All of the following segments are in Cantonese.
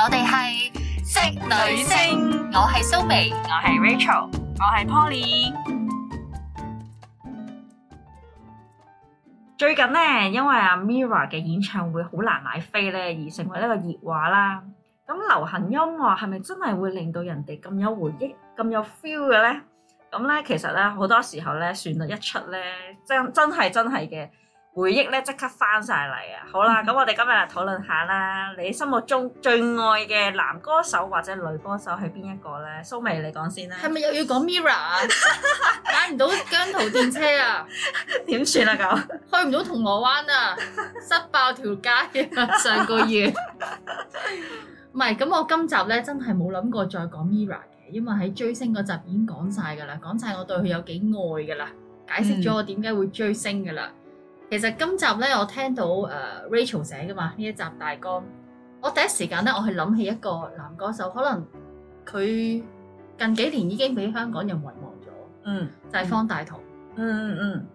我哋係職女聲，我係蘇眉，我係 Rachel，我係 Poly。最近咧，因為阿 Mira 嘅演唱會好難買飛咧，而成為一個熱話啦。咁流行音樂係咪真係會令到人哋咁有回憶、咁有 feel 嘅咧？咁咧，其實咧，好多時候咧，旋律一出咧，真真係真係嘅。回憶咧即刻翻曬嚟啊！好啦，咁我哋今日嚟討論下啦，你心目中最愛嘅男歌手或者女歌手係邊一個咧？蘇眉，你講先啦。係咪又要講 MIRROR？買唔到姜濤電車啊！點算啊？咁，去唔到銅鑼灣啊！塞爆條街啊！上個月。唔係，咁我今集咧真係冇諗過再講 MIRROR 嘅，因為喺追星嗰集已經講曬㗎啦，講曬我對佢有幾愛㗎啦，解釋咗我點解會追星㗎啦。其實今集咧，我聽到誒 Rachel 寫噶嘛呢一集大綱，我第一時間咧，我去諗起一個男歌手，可能佢近幾年已經俾香港人遺忘咗，嗯，就係方大同，嗯嗯嗯。嗯嗯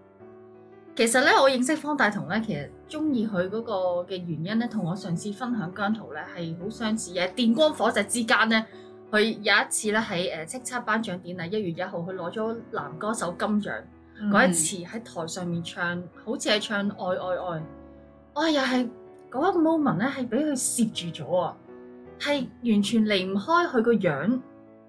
其實咧，我認識方大同咧，其實中意佢嗰個嘅原因咧，同我上次分享姜濤咧係好相似，嘅。電光火石之間咧，佢有一次咧喺誒叱咤頒獎典禮一月一號，佢攞咗男歌手金獎。嗰、嗯、一次喺台上面唱，好似係唱愛愛愛，我又係嗰個 moment 咧，係俾佢攝住咗啊，係完全離唔開佢個樣，嗯、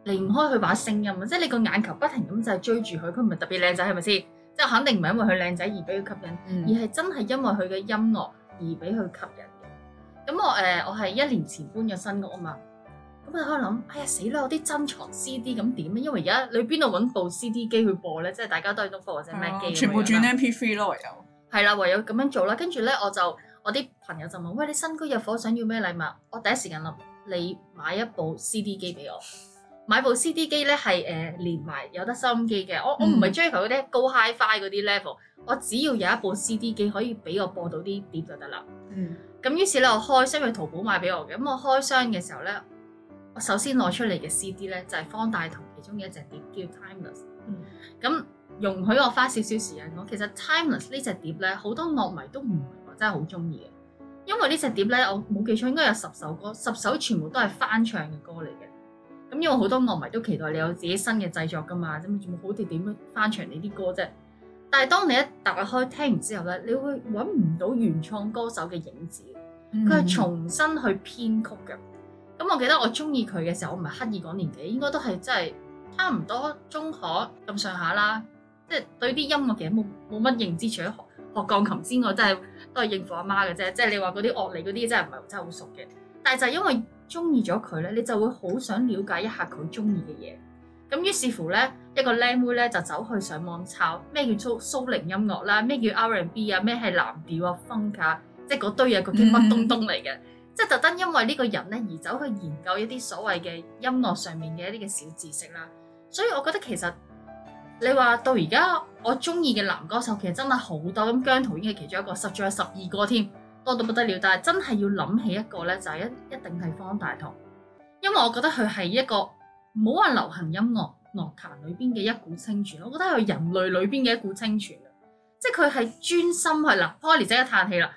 離唔開佢把聲音啊，即係你個眼球不停咁就係追住佢，佢唔係特別靚仔係咪先？即係肯定唔係因為佢靚仔而俾佢吸引，嗯、而係真係因為佢嘅音樂而俾佢吸引嘅。咁我誒、呃，我係一年前搬咗新屋啊嘛。嗯咁啊，我諗，哎呀死啦！我啲珍藏 CD 咁點咧？因為而家你邊度揾部 CD 機去播咧？即係大家都係用播或者咩機啊？全部轉 MP3 咯，唯有，係啦，唯有咁樣做啦。跟住咧，我就我啲朋友就問：喂，你新居入伙想要咩禮物？我第一時間諗你買一部 CD 機俾我。買部 CD 機咧係誒連埋有得收音機嘅。我、嗯、我唔係追求嗰啲高，高 hi-fi 嗰啲 level。我只要有一部 CD 機可以俾我播到啲碟就得啦。嗯。咁於是咧，我開箱去淘寶買俾我嘅。咁我開箱嘅時候咧。我首先攞出嚟嘅 CD 咧，就係方大同其中嘅一隻碟，叫《Timeless》。嗯。咁容許我花少少時間講，其實《Timeless》呢隻碟咧，好多樂迷都唔係話真係好中意嘅，因為呢隻碟咧，我冇記錯應該有十首歌，十首全部都係翻唱嘅歌嚟嘅。咁因為好多樂迷都期待你有自己新嘅製作㗎嘛，咁咪好似點樣翻唱你啲歌啫？但係當你一打開聽完之後咧，你會揾唔到原創歌手嘅影子，佢係重新去編曲嘅。嗯。咁我記得我中意佢嘅時候，我唔係刻意講年紀，應該都係真係差唔多中學咁上下啦。即係對啲音樂嘅嘢冇冇乜認知，除咗學學鋼琴之外，真係都係應付阿媽嘅啫。即係你話嗰啲樂理嗰啲真係唔係真係好熟嘅。但係就係因為中意咗佢咧，你就會好想了解一下佢中意嘅嘢。咁於是乎咧，一個靚妹咧就走去上網抄咩叫騷騷靈音樂啦，咩叫 R&B 啊，咩係藍調啊，風格、 嗯，即係嗰堆嘢個乜東東嚟嘅。即係特登因為呢個人咧而走去研究一啲所謂嘅音樂上面嘅一啲嘅小知識啦，所以我覺得其實你話到而家我中意嘅男歌手其實真係好多，咁姜濤已經係其中一個，實在有十二個添，多到不得了。但係真係要諗起一個咧，就係一一定係方大同，因為我覺得佢係一個唔好話流行音樂樂壇裏邊嘅一股清泉，我覺得係人類裏邊嘅一股清泉。即係佢係專心去嗱 Poly 姐一嘆氣啦。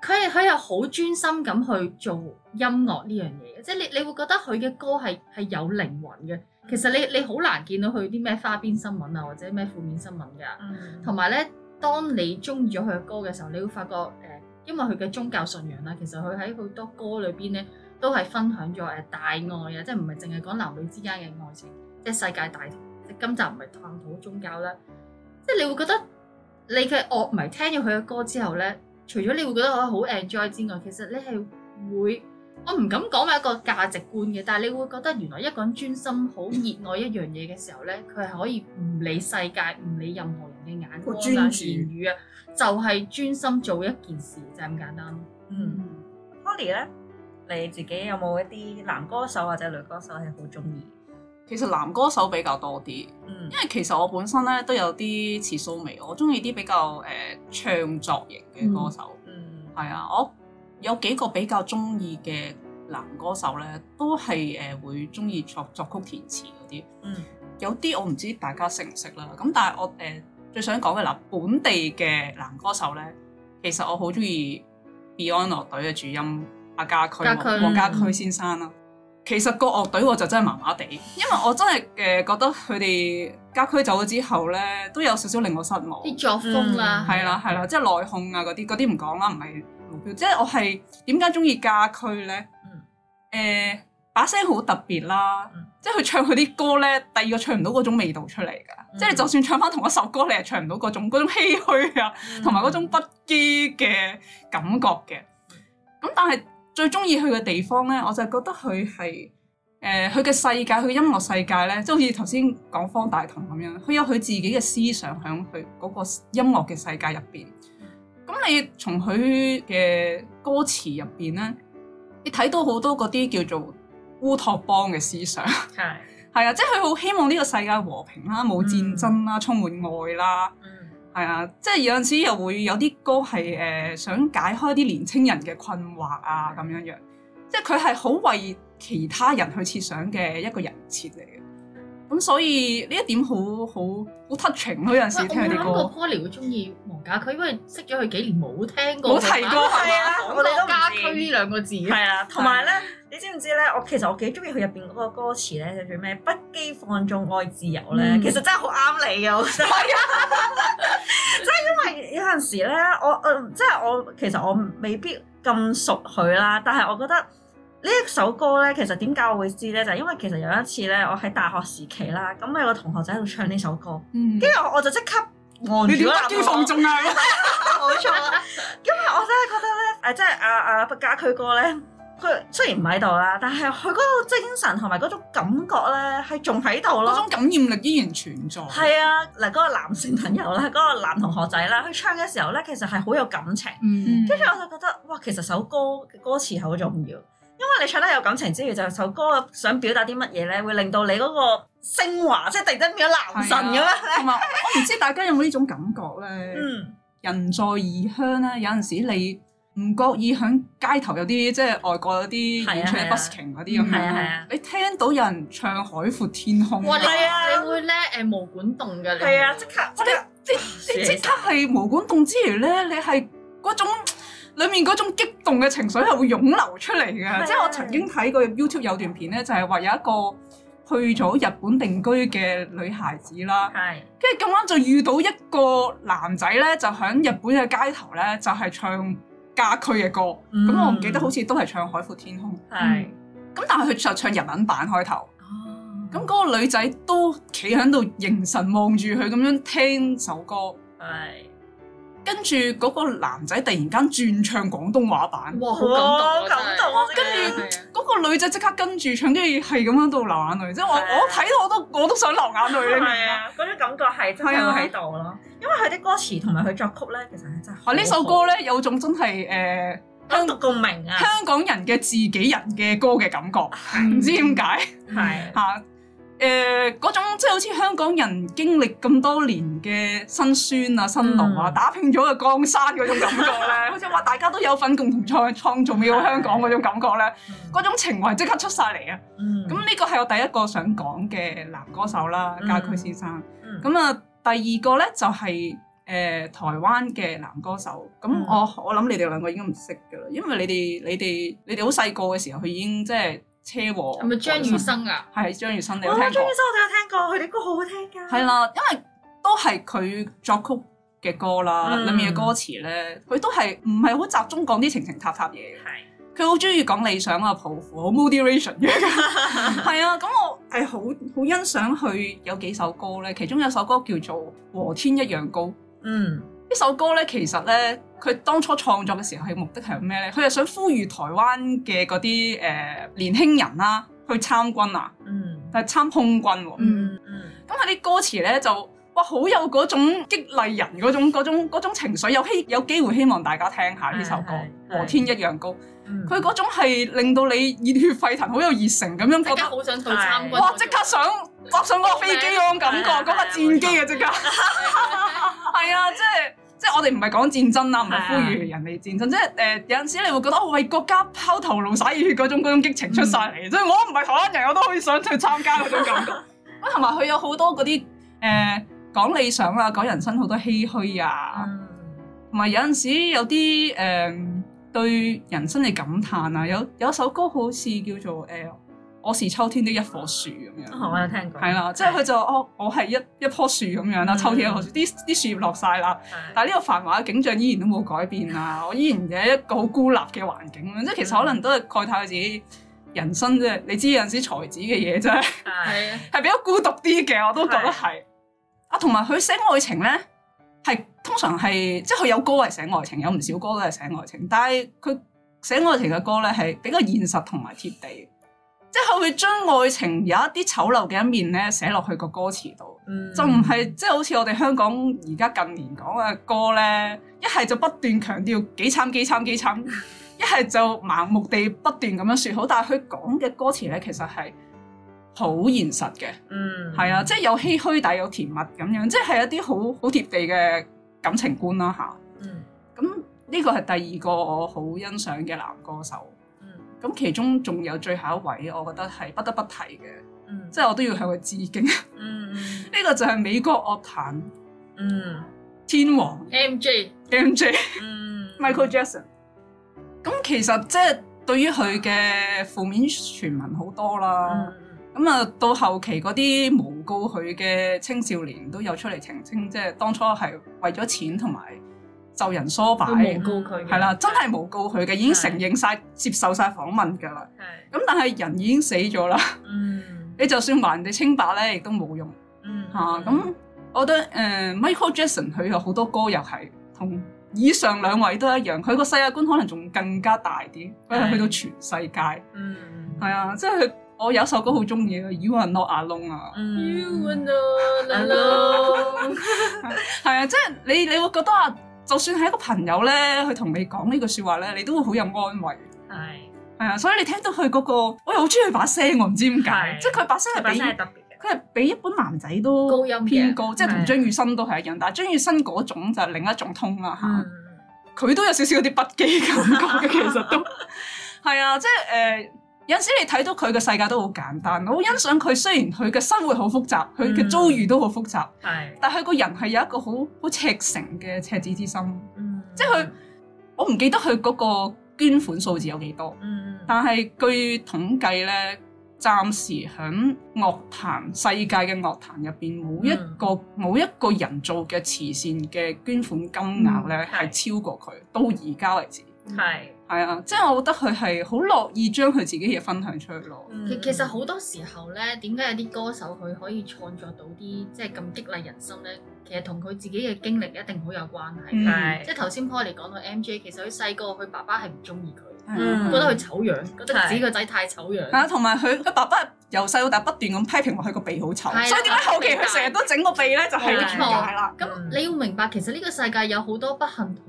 佢係佢係好專心咁去做音樂呢樣嘢，即係你你會覺得佢嘅歌係係有靈魂嘅。其實你你好難見到佢啲咩花邊新聞啊，或者咩負面新聞噶。同埋咧，當你中意咗佢嘅歌嘅時候，你會發覺誒、呃，因為佢嘅宗教信仰啦、啊，其實佢喺好多歌裏邊咧都係分享咗誒大愛啊，即係唔係淨係講男女之間嘅愛情，即係世界大同。即今集唔係探討宗教啦、啊，即係你會覺得你嘅樂迷聽咗佢嘅歌之後咧。除咗你會覺得我好 enjoy 之外，其實你係會，我唔敢講話一個價值觀嘅，但係你會覺得原來一個人專心好熱愛一樣嘢嘅時候咧，佢係可以唔理世界，唔理任何人嘅眼光啊言語啊，就係專心做一件事就咁簡單。嗯，Tony 咧，你自己有冇一啲男歌手或者女歌手係好鍾意？其實男歌手比較多啲，嗯、因為其實我本身咧都有啲詞蘇眉，我中意啲比較誒唱、呃、作型嘅歌手，係、嗯嗯、啊，我有幾個比較中意嘅男歌手咧，都係誒、呃、會中意作作曲填詞嗰啲，嗯、有啲我唔知大家識唔識啦。咁但係我誒、呃、最想講嘅嗱，本地嘅男歌手咧，其實我好中意 Beyond 樂隊嘅主音阿家駒黃家駒先生啦。嗯其實個樂隊我就真係麻麻地，因為我真係誒、呃、覺得佢哋家駒走咗之後咧，都有少少令我失望。啲作風啦，係啦係啦，即係內訌啊嗰啲嗰啲唔講啦，唔係目標。即係我係點解中意家駒咧？誒、嗯呃，把聲好特別啦，嗯、即係佢唱佢啲歌咧，第二個唱唔到嗰種味道出嚟㗎。嗯、即係就算唱翻同一首歌，你係唱唔到嗰種嗰種唏噓啊，同埋嗰種不羈嘅感覺嘅。咁、嗯、但係。最鍾意佢嘅地方咧，我就覺得佢係誒佢嘅世界，佢嘅音樂世界咧，即係好似頭先講方大同咁樣，佢有佢自己嘅思想喺佢嗰個音樂嘅世界入邊。咁你從佢嘅歌詞入邊咧，你睇到好多嗰啲叫做烏托邦嘅思想，係係啊，即係佢好希望呢個世界和平啦，冇戰爭啦，嗯、充滿愛啦。係啊、 嗯，即係有陣時又會有啲歌係誒、呃、想解開啲年青人嘅困惑啊，咁樣樣，即係佢係好為其他人去設想嘅一個人設嚟嘅。咁所以呢一點好好好 touching 咯，有陣時聽啲歌。我 Poly 會中意黃家駒，因為識咗佢幾年冇聽過。冇提過係啊，「我哋都唔知。家駒呢兩個字。係啊，同埋咧，你知唔知咧？我其實我幾中意佢入邊嗰個歌詞咧，叫咩？不羈放縱愛自由咧，其實真係好啱你嘅。係啊，即係因為有陣時咧，我誒即係我其實我未必咁熟佢啦，但係我覺得。呢一首歌咧，其實點解我會知咧？就係、因為其實有一次咧，我喺大學時期啦，咁有個同學仔喺度唱呢首歌，跟住、嗯、我就刻住即刻你點話叫放縱啊？冇、啊、錯，因為我真係覺得咧，誒，即係阿阿家駒哥咧，佢雖然唔喺度啦，但係佢嗰個精神同埋嗰種感覺咧，係仲喺度咯。嗰種感染力依然存在。係、嗯嗯、啊，嗱，嗰個男性朋友咧，嗰、嗰個男同學仔咧，佢唱嘅時候咧，其實係好有感情。跟住、嗯、我就覺得，哇，其實首歌嘅歌詞係好重要。因為你唱得有感情之餘，就首歌想表達啲乜嘢咧，會令到你嗰個昇華，即係突然間變咗男神咁樣咧。我唔知大家有冇呢種感覺咧。嗯，人在異鄉咧，有陣時你唔覺意響街頭有啲即係外國有啲演唱 busking 嗰啲咁樣，你聽到有人唱海闊天空，係啊，你會咧，誒，毛管動嘅，係啊，即刻，即即即刻係毛管動之餘咧，你係嗰種。裏面嗰種激動嘅情緒係會湧流出嚟嘅，的即係我曾經睇過 YouTube 有段片咧，就係、是、話有一個去咗日本定居嘅女孩子啦，係的，跟住咁啱就遇到一個男仔咧，就喺日本嘅街頭咧，就係、是、唱家駒嘅歌，咁、嗯、我唔記得好似都係唱《海闊天空》，係的，咁但係佢就唱日文版開頭，咁嗰、那個女仔都企喺度凝神望住佢咁樣聽首歌，係。跟住嗰個男仔突然間轉唱廣東話版，哇！好感動啊！跟住嗰個女仔即刻跟住唱，跟住係咁樣到流眼淚啊！即我我睇到我都我都想流眼淚。係啊，嗰種感覺係真係喺度咯。因為佢啲歌詞同埋佢作曲咧，其實係真係。哇！呢首歌咧有種真係誒，香港共鳴啊！香港人嘅自己人嘅歌嘅感覺，唔知點解係嚇。誒嗰、呃、種即係好似香港人經歷咁多年嘅辛酸啊、辛勞啊、打拼咗個江山嗰種感覺咧，好似話大家都有份共同創創，創造美好香港嗰種感覺咧，嗰 種情懷即刻出晒嚟啊！咁呢個係我第一個想講嘅男歌手啦，家駒先生。咁啊、嗯嗯，第二個咧就係、是、誒、呃、台灣嘅男歌手。咁、嗯哦、我我諗你哋兩個應該唔識噶啦，因為你哋你哋你哋好細個嘅時候，佢已經即係。車禍係咪張雨生噶？係張雨生，我張生張生你聽過張雨生、哦、張雨生，我都有聽過佢啲歌，好好聽噶。係啦，因為都係佢作曲嘅歌啦，嗯、裏面嘅歌詞咧，佢都係唔係好集中講啲情情塔塔嘢。係佢好中意講理想啊抱負，好 moderation 嘅。 係 啊，咁我係好好欣賞佢有幾首歌咧，其中有首歌叫做《和天一樣高》。嗯。呢首歌咧，其實咧，佢當初創作嘅時候，佢目的係咩咧？佢係想呼籲台灣嘅嗰啲誒年輕人啦、啊，去參軍啊，嗯，但係參空軍喎、啊嗯，嗯嗯，咁佢啲歌詞咧就哇，好有嗰種激勵人嗰種嗰種嗰種 情緒，有希有機會希望大家聽下呢首歌《嗯嗯、和天一樣高》。佢嗰種係令到你熱血沸騰，好有熱誠咁樣，即刻好想去參軍，哇！即刻想搭上個飛機嗰種感覺，嗰架、哦、戰機啊！即刻，係啊， 即係即係我哋唔係講戰爭啦，唔係呼籲人哋戰爭，對即係誒、呃、有陣時你會覺得我為國家拋頭顱灑熱血嗰種激情出晒嚟，嗯、所以我唔係台灣人，我都可以想去參加嗰種感覺。咁同埋佢有好多嗰啲誒講理想啊，講人生好多唏噓啊，同埋、嗯、有陣時有啲誒。嗯嗯對人生嘅感嘆啊，有有首歌好似叫做《誒我是秋天的一棵樹》咁樣啦，係，我有聽過，係啦，即係佢就我我係一一棵樹咁樣啦，秋天一棵樹，啲啲樹葉落晒啦，但係呢個繁華嘅景象依然都冇改變啊，我依然喺一個好孤立嘅環境，即係其實可能都係概括佢自己人生啫，你知有陣時才子嘅嘢真係係比較孤獨啲嘅，我都覺得係啊，同埋佢寫愛情咧係。通常係即係佢有歌係寫愛情，有唔少歌都係寫愛情，但係佢寫愛情嘅歌咧係比較現實同埋貼地，即係佢會將愛情有一啲醜陋嘅一面咧寫落去個歌詞度，嗯、就唔係即係好似我哋香港而家近年講嘅歌咧，一係就不斷強調幾慘幾慘幾慘，一係 就盲目地不斷咁樣說好，但係佢講嘅歌詞咧其實係好現實嘅，嗯，係啊，即係有唏噓底有甜蜜咁樣，即係一啲好好貼地嘅。感情觀啦吓，咁呢個係第二個我好欣賞嘅男歌手，咁、嗯、其中仲有最後一位，我覺得係不得不提嘅，嗯、即係我都要向佢致敬。嗯，呢 個就係美國樂壇嗯天王皇 M J M J 嗯 Michael Jackson。咁、嗯、其實即係對於佢嘅負面傳聞好多啦。嗯咁啊，到後期嗰啲誣告佢嘅青少年都有出嚟澄清，即係當初係為咗錢同埋就人梳擺，係啦，真係誣告佢嘅，已經承認晒、接受晒訪問噶啦。咁但係人已經死咗啦。嗯，你就算還人哋清白咧，亦都冇用。嗯吓，咁我覺得誒，Michael Jackson 佢有好多歌又係同以上兩位都一樣，佢個世界觀可能仲更加大啲，佢係去到全世界。嗯，係啊，即係。我有首歌好中意啊 You Are Not Alone 啊，You Are Not Alone，係啊，即係你你會覺得啊，就算係一個朋友咧，佢同你講呢句説話咧，你都會好有安慰。係係啊，所以你聽到佢嗰個，我又好中意佢把聲，我唔知點解，即係佢把聲係比，佢係比一般男仔都高音偏高，即係同張雨生都係一樣，但係張雨生嗰種就係另一種通啦嚇。佢都有少少啲不羈感覺嘅，其實都係啊，即係誒。有時你睇到佢嘅世界都好簡單，我好欣賞佢。雖然佢嘅生活好複雜，佢嘅遭遇都好複雜，但佢個人係有一個好好赤誠嘅赤子之心。嗯、即係佢，我唔記得佢嗰個捐款數字有幾多。嗯、但係據統計咧，暫時喺樂壇世界嘅樂壇入邊，冇一個冇一、嗯、個人做嘅慈善嘅捐款金額咧，係、嗯、超過佢。到而家為止，係、嗯。係啊，即、就、係、是、我覺得佢係好樂意將佢自己嘅分享出去咯、嗯。其其實好多時候咧，點解有啲歌手佢可以創作到啲即係咁激勵人心咧？其實同佢自己嘅經歷一定好有關係。嗯、即係頭先 Polly 講到 MJ，其實佢細個佢爸爸係唔中意佢，嗯、覺得佢醜樣，覺得自己個仔太醜樣。同埋佢爸爸由細到大不斷咁批評話佢、啊、個鼻好醜，所以點解後期佢成日都整個鼻咧？就係錯，係啦。咁你要明白，其實呢個世界有好多不幸同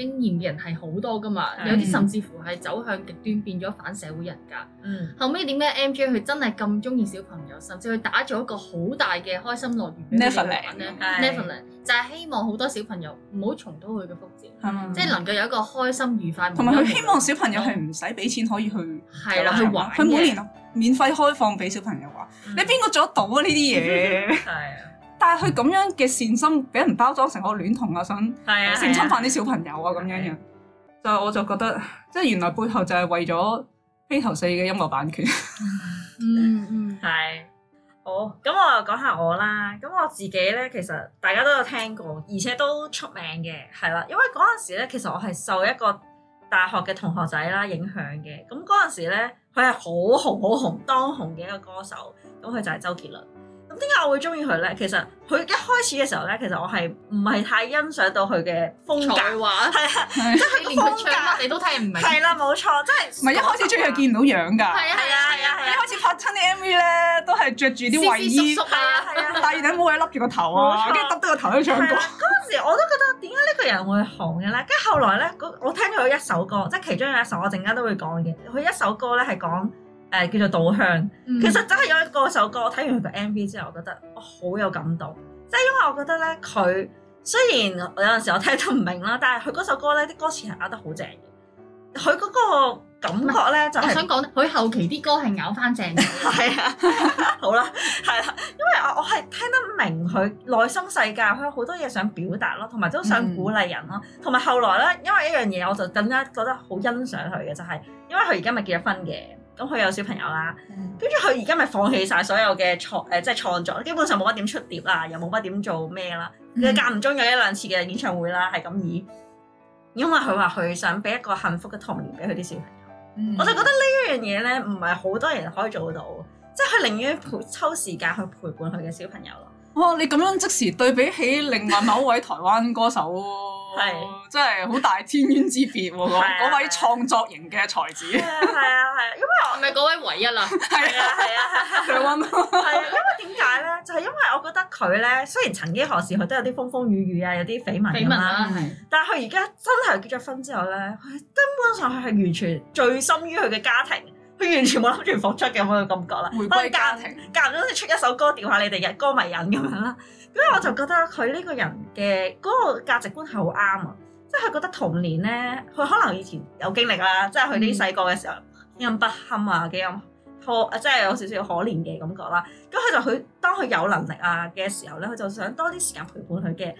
經驗嘅人係好多㗎嘛，的有啲甚至乎係走向極端變咗反社會人格。嗯、後尾點解 MJ 佢真係咁鍾意小朋友，甚至佢打造一個好大嘅開心樂園俾小朋友玩咧？Neverland land, 的就係希望好多小朋友唔好重蹈佢嘅覆轍，的即係能夠有一個開心愉快。同埋佢希望小朋友係唔使俾錢可以去係啦去玩，佢每年免費開放俾小朋友玩。嗯、你邊個做得到啊呢啲嘢？ 但係佢咁樣嘅善心，俾人包裝成我戀童啊，想性侵犯啲小朋友啊，咁、啊、樣樣，就、啊啊啊、我就覺得，即係原來背後就係為咗《披頭四》嘅音樂版權。嗯 嗯，係、啊。好。咁我又講下我啦。咁我自己咧，其實大家都有聽過，而且都出名嘅，係啦、啊。因為嗰陣時咧，其實我係受一個大學嘅同學仔啦影響嘅。咁嗰陣時咧，佢係好紅好紅當紅嘅一個歌手。咁佢就係周杰倫。咁點解我會中意佢咧？其實佢一開始嘅時候咧，其實我係唔係太欣賞到佢嘅風格，係啊，即係佢個風格你都聽唔明，係啦，冇錯，即係唔係一開始中意佢見唔到樣㗎，係啊係啊係啊！一開始拍親啲 MV 咧，都係着住啲衞衣啊，戴住頂帽仔笠住個頭啊，跟住耷低個頭去唱歌。嗰陣時我都覺得點解呢個人會紅嘅咧？跟住後來咧，嗰我聽咗佢一首歌，即係其中有一首我陣間都會講嘅，佢一首歌咧係講。誒、呃、叫做稻香，嗯、其實真係有一個首歌。我睇完佢 M V 之後，我覺得我好有感動，即、就、係、是、因為我覺得咧，佢雖然我有陣時候我聽得唔明啦，但係佢嗰首歌咧啲歌詞係押得好正嘅。佢嗰個感覺咧就係、是、想講，佢後期啲歌係咬翻正嘅。 是啊， 好啦，係啦、啊，因為我我係聽得明佢內心世界，佢有好多嘢想表達咯，同埋都想鼓勵人咯。同埋、嗯、後來咧，因為一樣嘢，我就更加覺得好欣賞佢嘅，就係、是、因為佢而家咪結咗婚嘅。咁佢有小朋友啦，跟住佢而家咪放棄晒所有嘅創誒、呃，即係創作，基本上冇乜點出碟啦，又冇乜點做咩啦。佢間唔中有一兩次嘅演唱會啦，係咁意，因為佢話佢想俾一個幸福嘅童年俾佢啲小朋友。嗯、我就覺得呢一樣嘢咧，唔係好多人可以做到，即係佢寧願陪抽時間去陪伴佢嘅小朋友咯。哇！你咁樣即時對比起另外某位台灣歌手、啊。 係，oh, 真係好大天淵之別喎、啊！嗰 位創作型嘅才子，係啊係啊，因為我咪嗰位唯一啦，係啊係啊，佢溫，係啊，因為點解咧？就係、是、因為我覺得佢咧，雖然曾經何時佢都有啲風風雨雨啊，有啲緋聞緋聞啦，但係佢而家真係結咗婚之後咧，佢根本上佢係完全醉心於佢嘅家庭。佢完全冇諗住復出嘅，我嘅感覺啦。回歸家庭，間唔中好似出一首歌調下你哋嘅歌迷人咁樣啦。咁我就覺得佢呢個人嘅嗰個價值觀係好啱啊！即係佢覺得童年咧，佢可能以前有經歷啦，即係佢啲細個嘅時候幾咁、嗯、不堪啊，幾咁即係有少少可憐嘅感覺啦。咁佢就佢當佢有能力啊嘅時候咧，佢就想多啲時間陪伴佢嘅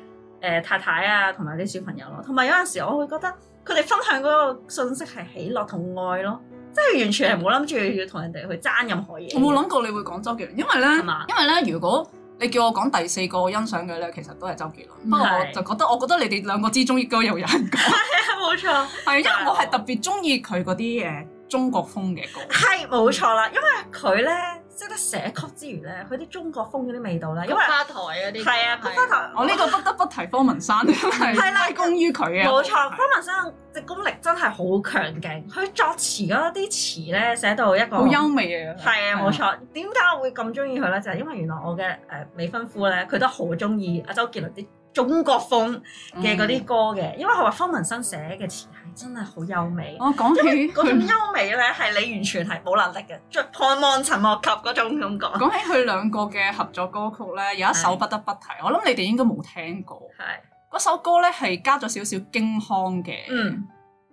誒太太啊，同埋啲小朋友咯。同埋有陣時，我會覺得佢哋分享嗰個信息係喜樂同愛咯。即係完全係冇諗住要同人哋去爭任何嘢。我冇諗過你會講周杰倫，因為咧，吧因為咧，如果你叫我講第四個欣賞嘅咧，其實都係周杰倫。不過我就覺得，是我覺得你哋兩個之中亦都有人講。係啊，冇錯。係 因為我係特別中意佢嗰啲誒中國風嘅歌。係冇錯啦，因為佢咧。即係寫曲之餘咧，佢啲中國風嗰啲味道咧，因為花台嗰啲係啊，啊花台。我呢度、哦、不得不提方文山，係功於佢啊。冇、啊、錯，方文山隻功力真係好強勁，佢、嗯、作詞嗰啲詞咧寫到一個好優美啊。係啊，冇錯。點解我會咁中意佢咧？就係、是、因為原來我嘅誒未婚夫咧，佢都好中意阿周杰倫啲中國風嘅嗰啲歌嘅，因為佢話方文山寫嘅詞，真係好優美。我講起嗰種優美咧，係你完全係冇能力嘅，著望望塵莫及嗰種感覺。講起佢兩個嘅合作歌曲咧，有一首不得不提，我諗你哋應該冇聽過。係嗰首歌咧，係加咗少少京腔嘅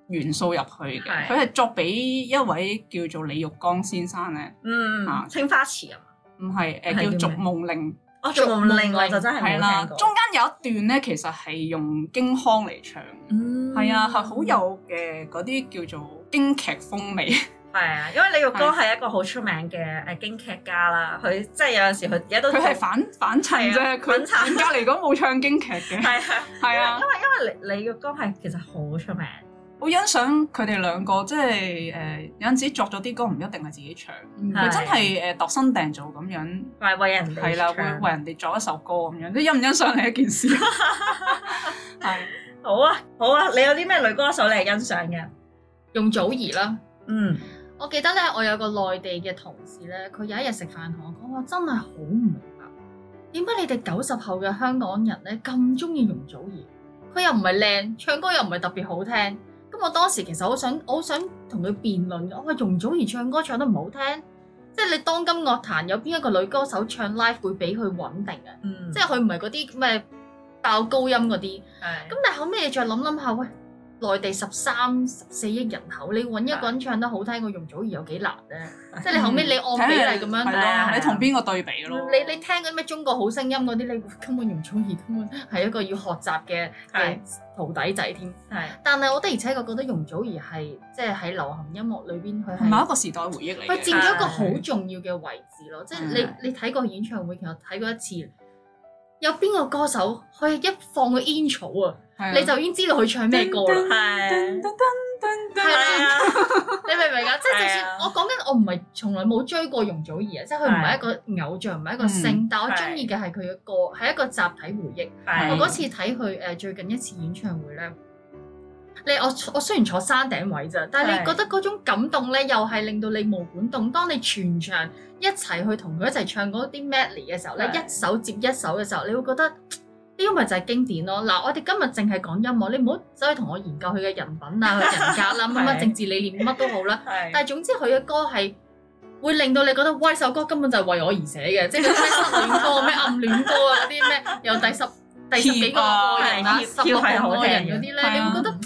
元素入去嘅，佢係作俾一位叫做李玉剛先生咧。嗯，啊，青花瓷啊嘛？唔係，誒叫《逐夢令》。哦、我仲冇另外就真係冇聽過係啦，中間有一段咧，其實係用京腔嚟唱，係、嗯、啊，係好有嘅嗰啲叫做京劇風味。係、嗯嗯、 啊，因為李玉剛係一個好出名嘅誒京劇家啦，佢是即係有陣時佢而、啊、家都佢係反反差啫，佢家嚟講冇唱京劇嘅，係 啊，係啊， 啊，因為因為李李玉剛係其實好出名。好欣賞佢哋兩個，即係誒有陣時作咗啲歌唔一定係自己唱，佢的真係誒度身訂造咁樣，係為，為人係啦，會為，為人哋作一首歌咁樣，你欣唔欣賞係一件事。係 是好啊，好啊！你有啲咩女歌手你係欣賞嘅？容祖兒啦，嗯，我記得咧，我有個內地嘅同事咧，佢有一日食飯同我講話，真係好唔明白，點解你哋九十後嘅香港人咧咁鍾意容祖兒？佢又唔係靚，唱歌又唔係特別好聽。咁我當時其實好想好想同佢辯論，我話容祖兒唱歌唱得唔好聽，即係你當今樂壇有邊一個女歌手唱 live 會比佢穩定嘅？嗯、即係佢唔係嗰啲咩爆高音嗰啲。咁但係後尾你再諗諗下，喂。內地十三、十四億人口，你揾一個人唱得好聽過容祖兒有幾難咧？嗯、即係你後尾你按比例咁樣咧。嗯、你同邊個對比咯？你你聽緊咩《中國好聲音》嗰啲，你根本容祖兒根本係一個要學習嘅嘅徒弟仔添。係的。但係我得，而且我覺得容祖兒係即係喺流行音樂裏邊，佢係某一個時代回憶嚟。佢佔咗一個好重要嘅位置咯。即係的、嗯、你你睇過演唱會，其實睇過一次。有邊個歌手可以一放一個 intro 啊，你就已經知道佢唱咩歌啦？係噔，係啊，啊 你明唔明啊？即係就算我講緊，我唔係從來冇追過容祖兒啊，即係佢唔係一個偶像，唔係一個星，嗯、但係我中意嘅係佢嘅歌，係、啊、一個集體回憶。啊、我嗰次睇佢誒最近一次演唱會咧。你我我雖然坐山頂位咋，但係你覺得嗰種感動咧，又係令到你無管動。當你全場一齊去同佢一齊唱嗰啲 melody 嘅時候咧，一首接一首嘅時候，你會覺得呢個咪就係經典咯。嗱，我哋今日淨係講音樂，你唔好走去同我研究佢嘅人品啊、佢人格啦、乜乜政治理念乜都好啦。但係總之佢嘅歌係會令到你覺得，哇！首歌根本就係為我而寫嘅，即係咩失戀歌、咩暗戀歌啊嗰啲咩，又第十、第十幾個愛人啊、第十個愛人嗰啲咧，你會覺得？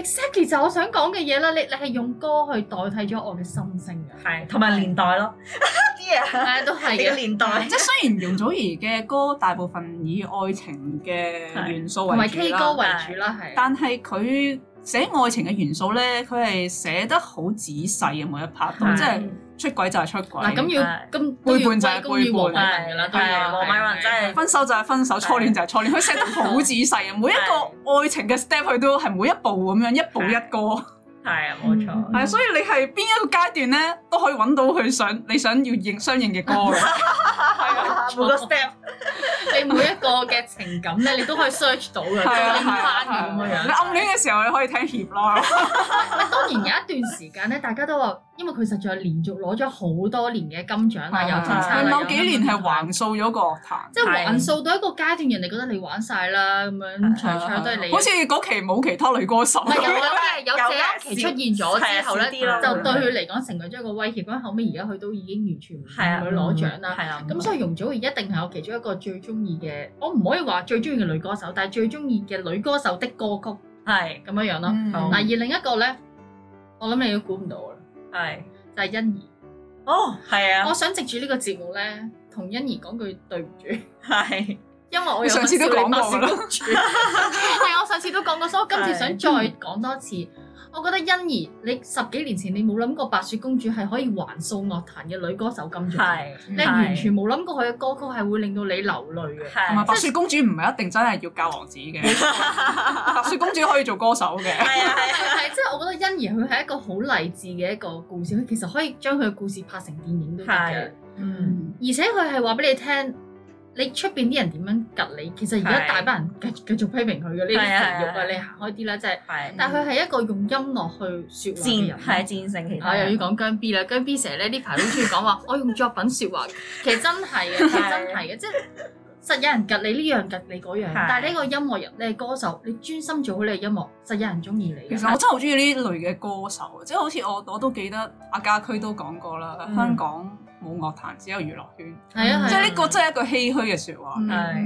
exactly 就我想講嘅嘢啦，你你係用歌去代替咗我嘅心聲嘅。係同埋年代咯啲嘢，都係年代。 即係雖然容祖兒嘅歌大部分以愛情嘅元素為主，同埋 K 歌為主啦，但係佢寫愛情嘅元素咧，佢係寫得好仔細嘅每一拍 a 對即係。出軌就係出軌，嗱咁要咁背叛就係背叛，係啊的，黃米仁真係分手就係分手，的初戀就係初戀，佢寫得好仔細啊，的每一個愛情嘅 step 佢的都係每一步咁樣一步一個。的 係啊，冇錯。係啊，所以你係邊一個階段咧，都可以揾到佢想，你想要應相應嘅歌嘅。係啊，每個 step，你每一個嘅情感咧，你都可以 search 到嘅，跟住咁樣。你暗戀嘅時候，你可以聽協啦。當然有一段時間咧，大家都話，因為佢實在係連續攞咗好多年嘅金獎啊，有某幾年係橫掃咗個樂壇。即係橫掃到一個階段，人哋覺得你玩晒啦咁樣，場場都係你。好似嗰期冇其他女歌手。有出現咗之後咧，就對佢嚟講成為咗一個威脅。咁後尾，而家佢都已經完全唔去攞獎啦。咁所以容祖兒一定係我其中一個最中意嘅，我唔可以話最中意嘅女歌手，但係最中意嘅女歌手的歌曲係咁樣樣咯。嗱，而另一個咧，我諗你都估唔到啦。係就係欣宜。哦，係啊。我想藉住呢個節目咧，同欣宜講句對唔住。係，因為我有次都講過係我上次都講過，所以我今次想再講多次。我覺得欣宜，你十幾年前你冇諗過白雪公主係可以橫掃樂壇嘅女歌手咁樣，你完全冇諗過佢嘅歌曲係會令到你流淚嘅。係是，是白雪公主唔係一定真係要嫁王子嘅， 白雪公主可以做歌手嘅。係啊，即係我覺得欣宜佢係一個好勵志嘅一個故事，佢其實可以將佢嘅故事拍成電影都得嘅。是嗯，而且佢係話俾你聽。你出面啲人點樣及你？其實而家大班人繼繼續批評佢嘅呢啲成語啊，你行開啲啦，即係。但係佢係一個用音樂去説話嘅人，係戰性。啊，又要講姜 B 啦，姜 B 成日咧呢排好中意講話，我用作品説話。其實真係嘅，真係嘅，即係實有人及你呢樣及你嗰樣。但係呢個音樂人，你係歌手，你專心做好你嘅音樂，實有人中意你。其實我真係好中意呢類嘅歌手，即係好似我我都記得阿家駒都講過啦，香港。冇樂壇，只有娛樂圈，係啊，即係呢個真係一個唏噓嘅説話，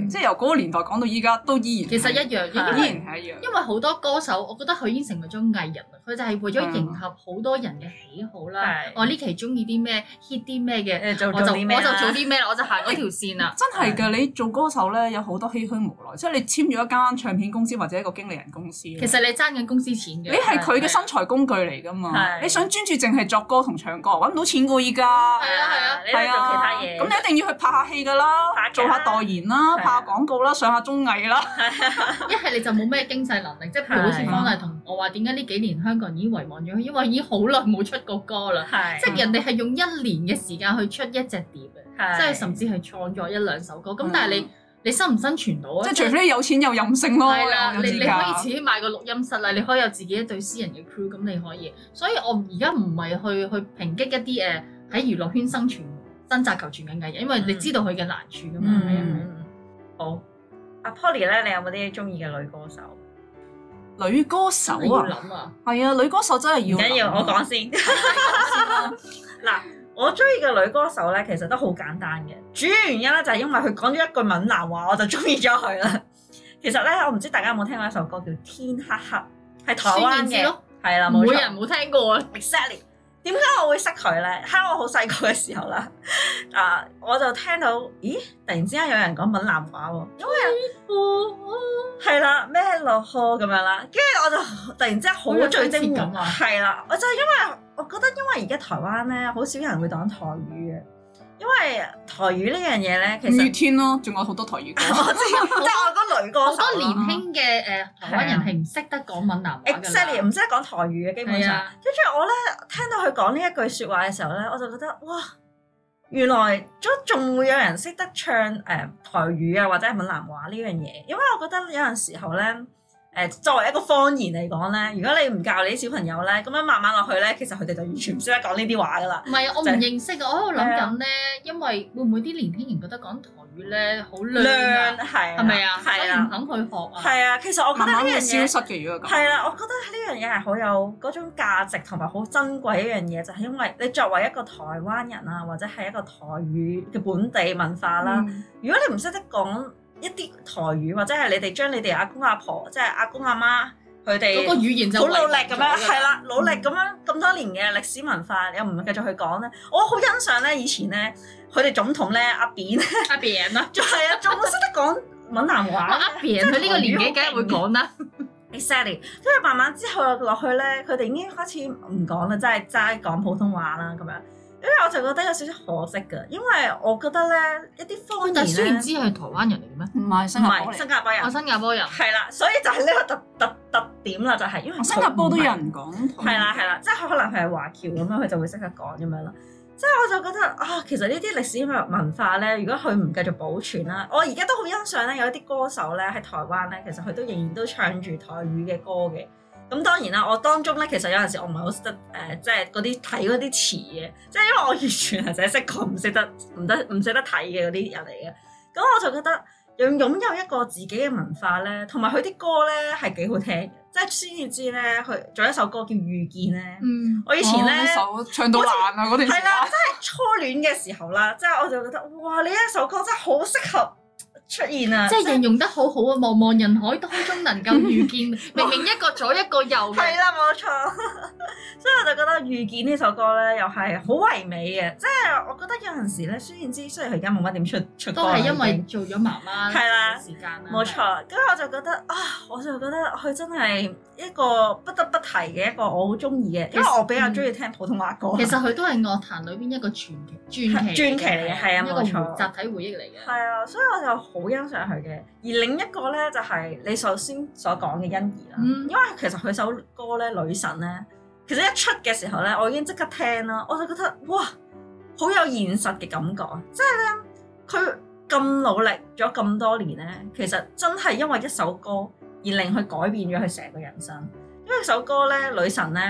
即係由嗰個年代講到依家都依然，其實一樣，依然係一樣。因為好多歌手，我覺得佢已經成為咗藝人，佢就係為咗迎合好多人嘅喜好啦。我呢期中意啲咩 hit 啲咩嘅，我就做啲咩，我就行嗰條線啦。真係㗎，你做歌手咧有好多唏噓無奈，即係你簽咗一間唱片公司或者一個經理人公司，其實你爭緊公司錢嘅，你係佢嘅生財工具嚟㗎嘛。你想專注淨係作歌同唱歌搵唔到錢㗎依家？係啊，係啊，咁你一定要去拍下戲噶啦，做下代言啦，拍下廣告啦，上下綜藝啦。一係你就冇咩經濟能力，即係好似方大同，我話點解呢幾年香港已經遺忘咗，因為已經好耐冇出過歌啦。即係人哋係用一年嘅時間去出一隻碟，即係甚至係創作一兩首歌。咁但係你你生唔生存到啊？即係除非你有錢又任性咯。你你可以自己買個錄音室啦，你可以有自己一對私人嘅 crew，咁你可以。所以我而家唔係去去抨擊一啲誒，喺娛樂圈生存，掙扎求存緊嘅藝人，因為你知道佢嘅難處噶嘛、嗯是是。好，阿 Polly 咧，你有冇啲中意嘅女歌手？女歌手、嗯、啊，係啊，女歌手真要、啊、係要緊要。我講先。嗱， 我中意嘅女歌手咧，其實都好簡單嘅。主要原因咧就係因為佢講咗一句閩南話，我就中意咗佢啦。其實咧，我唔知大家有冇聽過一首歌叫《天黑黑》，係台灣嘅，係啦，冇人冇聽過啊，Exactly 點解我會識佢咧？喺我好細個嘅時候啦，啊，我就聽到，咦，突然之間有人講閩南話喎，因為係啦，咩落河咁樣啦，跟 住樂我就突然之間好精追蹤，係啦，我就係因為我覺得，因為而家台灣咧，好少人會講台語嘅。因為台語呢樣嘢咧，其實五月天咯，仲有好多台語歌 道多即係我嘅女歌手，啊。年輕嘅誒台灣人係唔識得講閩南話 exactly 唔識得講台語嘅基本上。跟住、啊、我咧聽到佢講呢一句説話嘅時候咧，我就覺得哇，原來都仲會有人識得唱誒、呃、台語啊，或者係閩南話呢樣嘢。因為我覺得有陣時候咧。誒作為一個方言嚟講咧，如果你唔教你啲小朋友咧，咁樣慢慢落去咧，其實佢哋就完全唔識得講呢啲話噶啦。唔係啊，我唔認識啊，我喺度諗緊咧，的因為會唔會啲年輕人覺得講台語咧好亂啊？係係咪啊？的所以唔肯去學啊？係啊，其實我覺得呢樣嘢消失嘅語感。係啦，我覺得呢樣嘢係好有嗰種價值同埋好珍貴一樣嘢，就係、是、因為你作為一個台灣人啊，或者係一個台語嘅本地文化啦。嗯、如果你唔識得講。一啲台語，或者係你哋將你哋阿公阿婆，即係阿公阿媽佢哋嗰個語言就好努力咁樣，係啦，努力咁樣咁多年嘅歷史文化你又唔繼續去講咧，我好欣賞咧以前咧佢哋總統咧阿扁咧，阿扁啦，仲係啊仲識得講閩南話。阿扁佢呢個年紀梗係會講啦。Exactly，跟住慢慢之後落去咧，佢哋已經開始唔講啦，即係齋講普通話啦咁樣。因為我就覺得有少少可惜㗎，因為我覺得咧一啲方言咧，雖然知係台灣人嚟嘅咩，唔係新唔係是新加坡人，係新加坡人，係啦，所以就係呢個特特特點啦，就係、是、因為新加坡都有人講台人，係啦係啦，即係、就是、可能係華僑咁樣，佢就會識得講咁樣啦。即係我就覺得啊、哦，其實呢啲歷史文化咧，如果佢唔繼續保存啦，我而家都好欣賞咧，有一啲歌手咧喺台灣咧，其實佢都仍然都唱住台語嘅歌嘅。咁當然啦，我當中咧其實有陣時我唔係好識誒，即係嗰啲睇嗰啲詞嘅，即係因為我完全係只識講唔識得，唔得唔識得睇嘅嗰啲人嚟嘅。咁我就覺得，用擁有一個自己嘅文化咧，同埋佢啲歌咧係幾好聽嘅。即係先至咧，佢仲有一首歌叫《遇見》咧。嗯，我以前咧，首唱到爛啊嗰段。係啦、啊，真係初戀嘅時候啦， 即係我就覺得，哇！呢一首歌真係好適合。出現啊！即係是形容得好好啊，茫茫人海當中能夠遇見， 明明一個左一個右。 係啦，冇、就是啊、錯。所以我就覺得《遇見》呢首歌咧，又係好唯美嘅。即係我覺得有陣時咧，孫燕姿雖然佢而家冇乜點出出都係因為做咗媽媽，係啦，時間啦，冇錯。跟住我就覺得啊，我就覺得佢真係。一個不得不提嘅一個我好中意嘅，因為我比較中意聽普通話歌。嗯、其實佢都係樂壇裏邊一個傳奇、傳奇、傳奇嚟嘅，係啊，錯一個集體回憶嚟嘅。係啊，所以我就好欣賞佢嘅。而另一個咧就係、是、你首先所講嘅欣兒啦，嗯、因為其實佢首歌咧《女神》咧，其實一出嘅時候咧，我已經即刻聽啦，我就覺得哇，好有現實嘅感覺啊！即係咧，佢咁努力咗咁多年咧，其實真係因為一首歌。而令佢改變咗佢成個人生，因為首歌咧，女神咧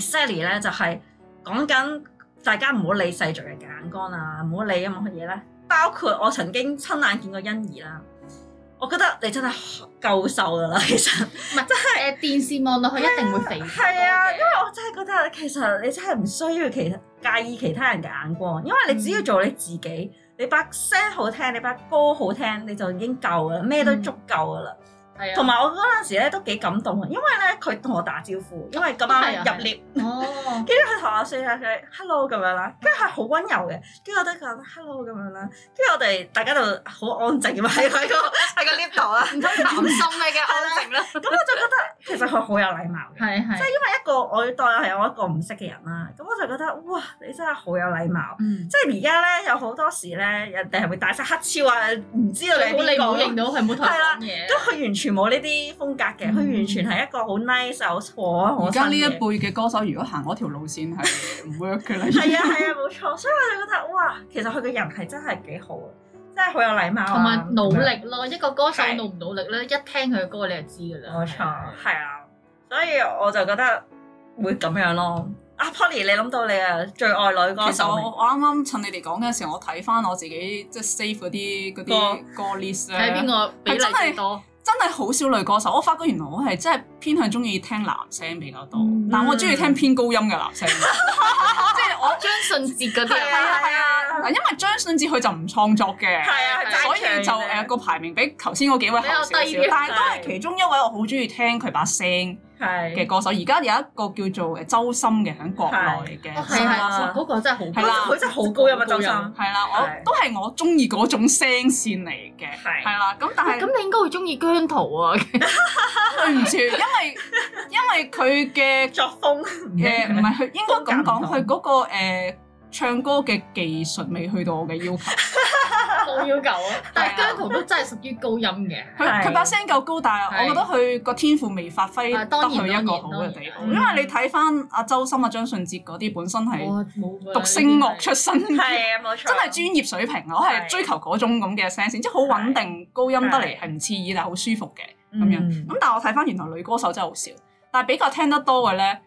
，Sally 咧就係、是、講緊大家唔好理世俗嘅眼光啊，唔好理咁乜嘢咧。包括我曾經親眼見過欣宜啦，我覺得你真係夠瘦噶啦。其實唔係、嗯、真係是誒電視望落去一定會肥。係啊、嗯嗯，因為我真係覺得其實你真係唔需要其實介意其他人嘅眼光，因為你只要做你自己，你把聲好聽，你把歌，歌好聽，你就已經夠噶啦，咩都足夠噶啦。嗯同埋我嗰陣時咧都幾感動啊，因為咧佢同我打招呼，因為咁啱入 lift，跟住佢同我 say 下佢 hello 咁樣啦，跟住係好溫柔嘅，跟住我都講 hello 咁樣啦，跟住我哋大家就好安靜咁喺個喺個 lift 度啦，男生嚟嘅安啦，咁我就覺得其實佢好有禮貌嘅，即係是因為一個我當係我一個唔識嘅人啦，咁我就覺得哇你真係好有禮貌，嗯、即係而家咧有好多時咧人哋係會帶晒黑超啊，唔知道你啲講嘢，都係完全。全部呢啲風格嘅，佢、嗯、完全係一個好 nice、好 cool。而家呢一輩嘅歌手，如果行嗰條路線係唔 work 嘅咧。係啊，係啊，冇錯。所以我就覺得，哇，其實佢嘅人係真係幾好，真係好有禮貌、啊，同埋努力咯。一個歌手努唔努力咧，是一聽佢嘅歌你就知㗎啦。冇錯是。係啊，所以我就覺得會咁樣咯。阿、啊、Polly，l 你諗到你啊？最愛女歌手？我啱啱趁你哋講嘅時候，我睇翻我自己即係 save 嗰啲嗰啲歌 list 咧，睇邊個比例多。真係好少女歌手，我發覺原來我係真係偏向中意聽男聲比較多，但我中意聽偏高音嘅男聲， 即係我張信哲嗰啲。係係係啊！嗱， 因為張信哲佢就唔創作嘅， 對對對對，所以就誒個排名比頭先嗰幾位低少少。但係都係其中一位，我好中意聽佢把聲。嘅歌手，而家有一個叫做誒周深嘅，喺國內嘅，係係，嗰個真係好，係啦，佢真係好高音啊，周深係啦，我都係我中意嗰種聲線嚟嘅，係係啦，咁但係咁你應該會中意姜濤啊，對唔住，因為因為佢嘅作風誒唔係，佢應該咁講佢嗰個唱歌嘅技術未去到我嘅要求，高要求啊！但係姜濤都真係屬於高音嘅，佢佢把聲夠高大啊，我覺得佢個天賦未發揮，得去一個好嘅地方。因為你睇翻阿周深、阿張信哲嗰啲，本身係讀聲樂出身嘅，真係專業水平啊！我係追求嗰種咁嘅聲線，即係好穩定高音得嚟係唔刺耳，但係好舒服嘅咁樣。咁但係我睇翻原來女歌手真係好少，但係比較聽得多嘅咧。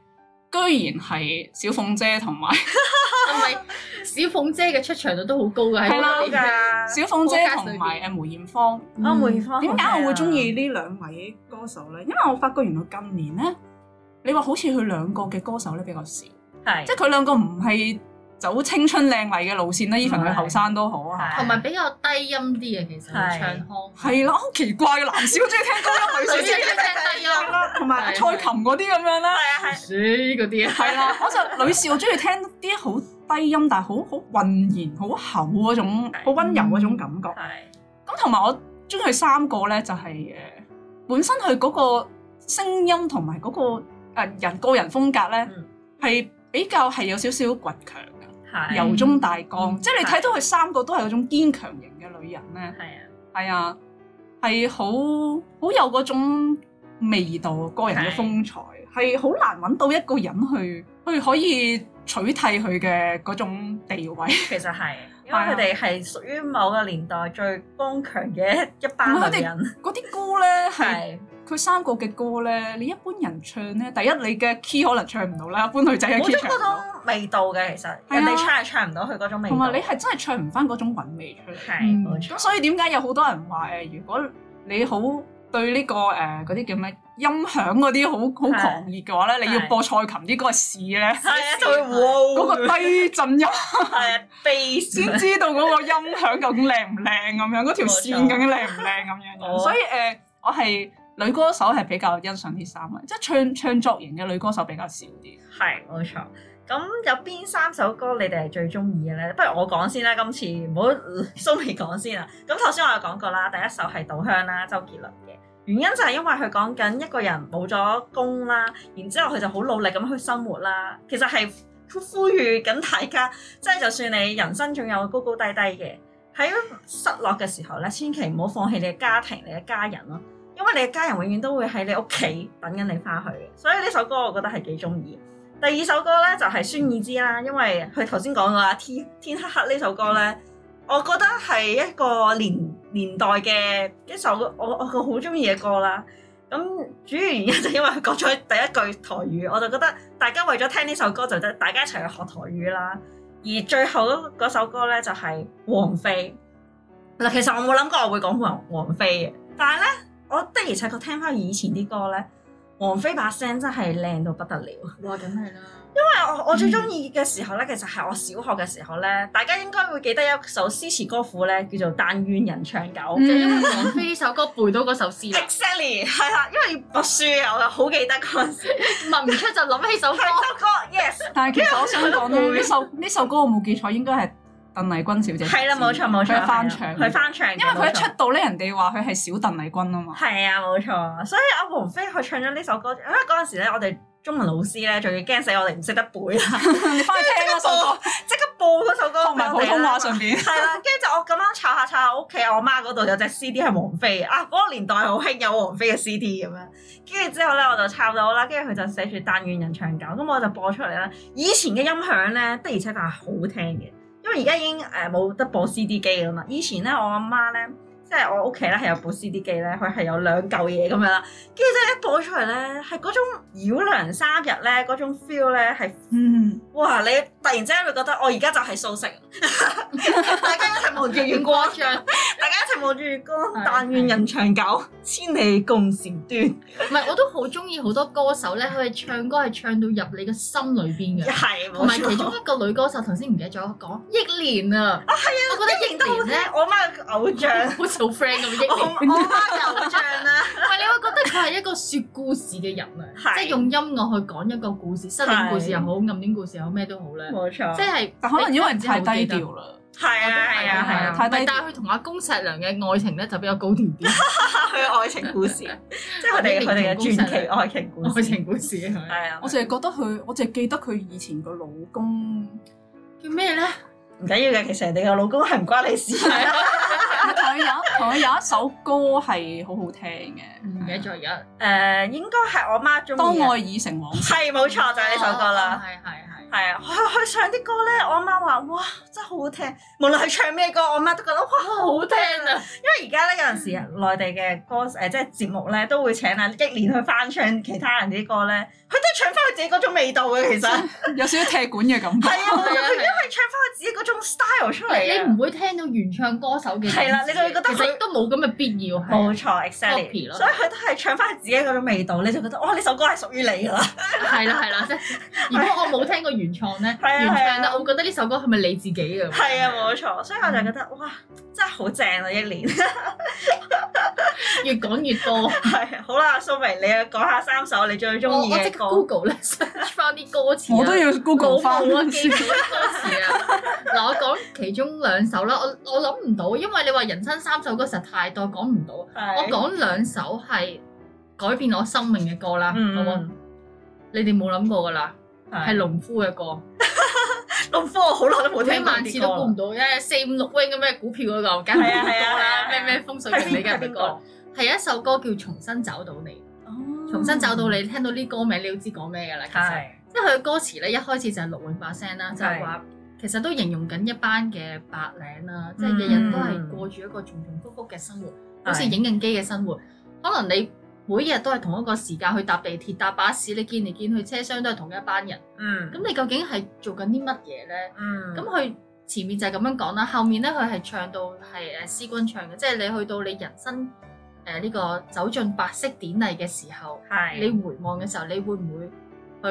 居然係小鳳姐同埋，係小鳳姐嘅出場率都好高嘅，係啦， 的小鳳姐同埋阿梅艷芳，阿、啊嗯、梅艷芳，點解我會中意呢兩位歌手咧？因為我發覺原來今年咧，你話好似佢兩個嘅歌手咧比較少，係的，即係佢兩個唔係。走青春靚麗嘅路線咧，even 佢後生都好啊，同埋比較低音啲嘅其實唱腔，係咯好奇怪嘅，男士中意聽高音，女士中意聽低音啦，同埋蔡琴嗰啲咁樣啦，係啊係，誒嗰啲係啦，我就女士少中意聽啲好低音，但係好好渾然、好厚嗰種、好溫柔嗰種感覺，係咁同埋我中意佢三個咧，就係誒本身佢嗰個聲音同埋嗰個人個人風格咧，係比較係有少少倔強。由中大江，嗯、即係你睇到佢三個都係嗰種堅強型嘅女人咧，係啊，係啊，係好好有嗰種味道，個人嘅風采，係好、啊、難揾到一個人去去可以取代佢嘅嗰種地位。其實係，因為佢哋係屬於某個年代最剛強嘅一班女人。嗰啲、啊、歌咧係。佢三個嘅歌咧，你一般人唱咧，第一你嘅 key 可能唱唔到啦。一般女仔都冇嗰種味道嘅，其實人哋唱係唱唔到佢嗰種味。同埋你係真係唱唔翻嗰種韻味出嚟。係冇錯。咁所以點解有好多人話誒，如果你好對呢個誒嗰啲叫咩音響嗰啲好好狂熱嘅話咧，你要播蔡琴啲歌試咧，嗰個低振音係啊，bass 先知道嗰個音響究竟靚唔靚咁樣，嗰條線究竟靚唔靚咁樣。所以誒，我係。女歌手係比較欣賞啲三文，即係唱唱作型嘅女歌手比較少啲。係冇錯，咁有邊三首歌你哋係最中意嘅咧？不如我講先啦。今次唔好蘇眉講先啦。咁頭先我有講過啦，第一首係《稻香》啦，周杰倫嘅原因就係因為佢講緊一個人冇咗工啦，然之後佢就好努力咁去生活啦。其實係呼呼籲緊大家，即係就算你人生仲有高高低低嘅喺失落嘅時候咧，千祈唔好放棄你嘅家庭、你嘅家人咯。因為你嘅家人永遠都會喺你屋企等緊你翻去，所以呢首歌我覺得係幾中意。第二首歌呢，就係孫燕姿啦，因為佢頭先講過天天黑黑呢首歌呢，我覺得係一個年年代嘅一首我我好中意嘅歌啦。咁主要原因就因為佢講咗第一句台語，我就覺得大家為咗聽呢首歌就得，大家一齊去學台語啦。而最後嗰首歌呢，就係、是、王菲嗱，其實我冇諗過我會講王王菲嘅，但係呢。我的而且確聽返以前啲歌咧，王菲把聲真係靚到不得了。哇，梗係啦！因為我我最鍾意嘅時候咧，嗯、其實係我小學嘅時候咧，大家應該會記得一首詩詞歌賦咧，叫做《但願人長久》，嗯、就因為王菲呢首歌背到嗰首詩。Exactly 係啦，因為要讀書啊，我就好記得嗰陣時，默唔出就諗起首歌。 歌 yes。但係其實我想講呢 首呢首歌我冇記錯，應該係。鄧麗君小姐係啦，冇錯冇錯，佢翻唱，佢的翻唱，因為佢一出道咧，錯人哋話佢係小鄧麗君啊嘛，係啊，冇錯，所以阿王菲佢唱咗呢首歌，因為嗰陣時咧，我哋中文老師咧仲要驚死我哋唔識得背翻去聽嗰首歌，即刻播嗰首歌，學埋普通話順便。係啦的，跟住 就我咁樣抄下抄下屋企我媽嗰度有隻 CD 係王菲啊，嗰、嗰個年代好興有王菲嘅 CD 咁樣，跟住之後咧我就抄到啦，跟住佢就寫住但願人長久，咁我就播出嚟啦，以前嘅音響咧，的而且確係好聽嘅。因為而家已經誒冇、呃、得播 CD 機啦嘛，以前咧我阿媽咧。即係我屋企咧，係有部 CD 機咧，佢係有兩嚿嘢咁樣啦，跟住即係一播出嚟咧，係嗰種繞梁三日咧嗰種 feel 咧，係，嗯，哇！你突然之間會覺得我而家就係素食。 大家一齊望住月光像， 光彈 大家一齊望住月光， 但願人長久，千里共嬋娟。唔係， 我都好中意好多歌手咧，佢哋唱歌係唱到入你嘅心裏邊嘅，係，唔係其中一個女歌手，頭先唔記得咗講，憶蓮啊，哦，係啊，啊我覺得憶蓮咧，呢我媽嘅偶像。 做 friend 咁樣，我我媽又像啦。餵你會覺得佢係一個説故事嘅人啊，即係用音樂去講一個故事，失戀故事又好，暗戀故事又好，咩都好咧。冇錯，即係，可能因為太低調啦。係啊係啊係啊！唔但係佢同阿恭碩良嘅愛情咧就比較高調啲。佢愛情故事，即係佢哋佢哋嘅傳奇愛情故事。愛情故事係啊！我淨係覺得佢，我淨係記得佢以前個老公叫咩咧？唔緊要嘅，其實人哋個老公係唔關你事。同佢 有一同佢有一首歌係好好聽嘅，唔記得咗一誒，應該係我媽中意。當愛已成往事。係冇錯，就係呢首歌啦。係係、哦。係啊，佢去唱啲歌咧，我阿媽話：哇，真係好好聽！無論佢唱咩歌，我阿媽都覺得哇好好聽啊！因為而家咧有陣時內地嘅歌誒，即係節目咧都會請阿憶蓮去翻唱其他人啲歌咧，佢都唱翻佢自己嗰種味道嘅。其實有少少踢館嘅感覺，係啊，佢都係唱翻佢自己嗰種 style 出嚟。你唔會聽到原唱歌手嘅，係啦，你就會覺得佢都冇咁嘅必要，冇錯，exactly。所以佢都係唱翻佢自己嗰種味道，你就覺得哇呢首歌係屬於你㗎啦！係啦係啦，即係如果我冇聽過。原創咧，原唱，咧，我會覺得呢首歌係咪你自己嘅？係啊，冇錯，所以我就覺得哇，真係好正啊！一年越講越多，係好啦，蘇明，你講下三首你最中意嘅。我即刻 Google 咧，search 翻啲歌詞。我都要 Google 翻，我記唔到歌詞啊。嗱，我講其中兩首啦。我我諗唔到，因為你話人生三首歌實在太多，講唔到。我講兩首係改變我生命嘅歌啦，好冇？你哋冇諗過噶啦。係農夫嘅歌，農夫我好耐都冇聽萬次都估唔到，一四五六 wing 咁嘅股票嗰嚿，梗係啲歌啦，咩咩風水命嗰啲歌，係有一首歌叫《重新找到你》，重新找到你，聽到呢歌名你都知講咩噶啦，其實，即係佢嘅歌詞咧，一開始就係錄滿把聲啦，就係話其實都形容緊一班嘅白領啦，即係日日都係過住一個重重複複嘅生活，好似影印機嘅生活，可能你。每日都係同一個時間去搭地鐵、搭巴士，你見嚟見去車廂都係同一班人。嗯，咁你究竟係做緊啲乜嘢咧？嗯，咁佢前面就係咁樣講啦，後面咧佢係唱到係誒思君唱嘅，即係你去到你人生誒呢個走進白色典禮嘅時候，係是你回望嘅時候，你會唔會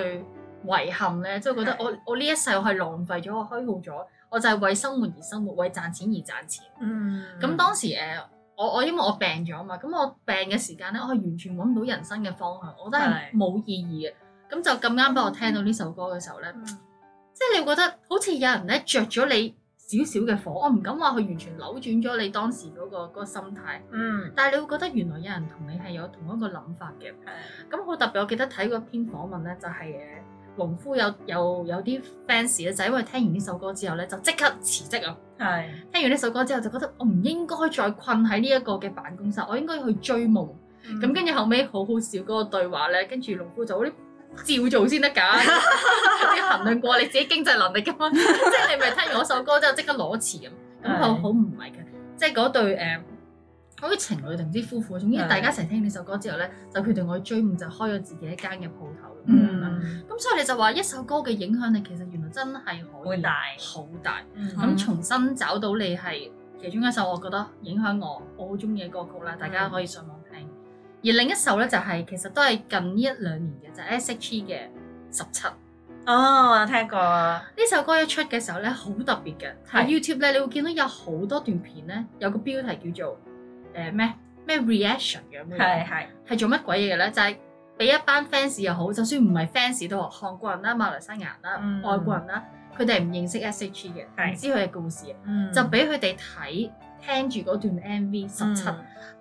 去遺憾咧？即係覺得我是我呢一世我係浪費咗，我虛耗咗，我就係為生活而生活，為賺錢而賺錢。嗯，咁、嗯、當時誒。呃我我因為我病咗啊嘛，咁我病嘅時間咧，我係完全揾唔到人生嘅方向，我真係冇意義嘅。咁的就咁啱俾我聽到呢首歌嘅時候咧、嗯，即係你會覺得好似有人咧着咗你少少嘅火，我唔敢話佢完全扭轉咗你當時嗰、嗰個心態。嗯，但係你會覺得原來有人同你係有同一個諗法嘅。係，咁好特別。我記得睇嗰篇訪問咧，就係、係、誒。農夫有有有啲 fans 咧，就因為聽完呢首歌之後咧，就即刻辭職啊！係聽完呢首歌之後，就覺得我唔應該再困喺呢一個嘅辦公室，我應該去追夢。咁跟住後尾好好笑嗰個對話咧，跟住農夫就話啲照做先得㗎，啲衡量過你自己經濟能力嘅嘛。即係你咪聽完我首歌之後即刻攞辭嘅，咁好好唔係嘅。即係嗰對好似情侶定唔知夫婦，總之大家一齊聽呢首歌之後咧，就決定我去追夢，就開咗自己一間嘅鋪頭咁樣啦。咁所以你就話一首歌嘅影響力其實原來真係可以好大。咁大、嗯、重新找到你係其中一首，我覺得影響我我好中意嘅歌曲啦。大家可以上網聽。嗯、而另一首咧就係、係、其實都係近呢一兩年嘅，就係 e、S H E 嘅十七。哦，我聽過。呢首歌一出嘅時候咧，好特別嘅。喺是 YouTube 咧，你會見到有好多段片咧，有個標題叫做，誒咩咩 reaction 咁？咩嘢係係係做乜鬼嘢嘅咧？就係俾一班 fans 又好，就算唔係 fans 都好，韓國人啦、馬來西亞人啦、外國人啦，佢哋唔認識 S.H.E 嘅，唔知佢嘅故事就俾佢哋睇聽住嗰段 MV 十七，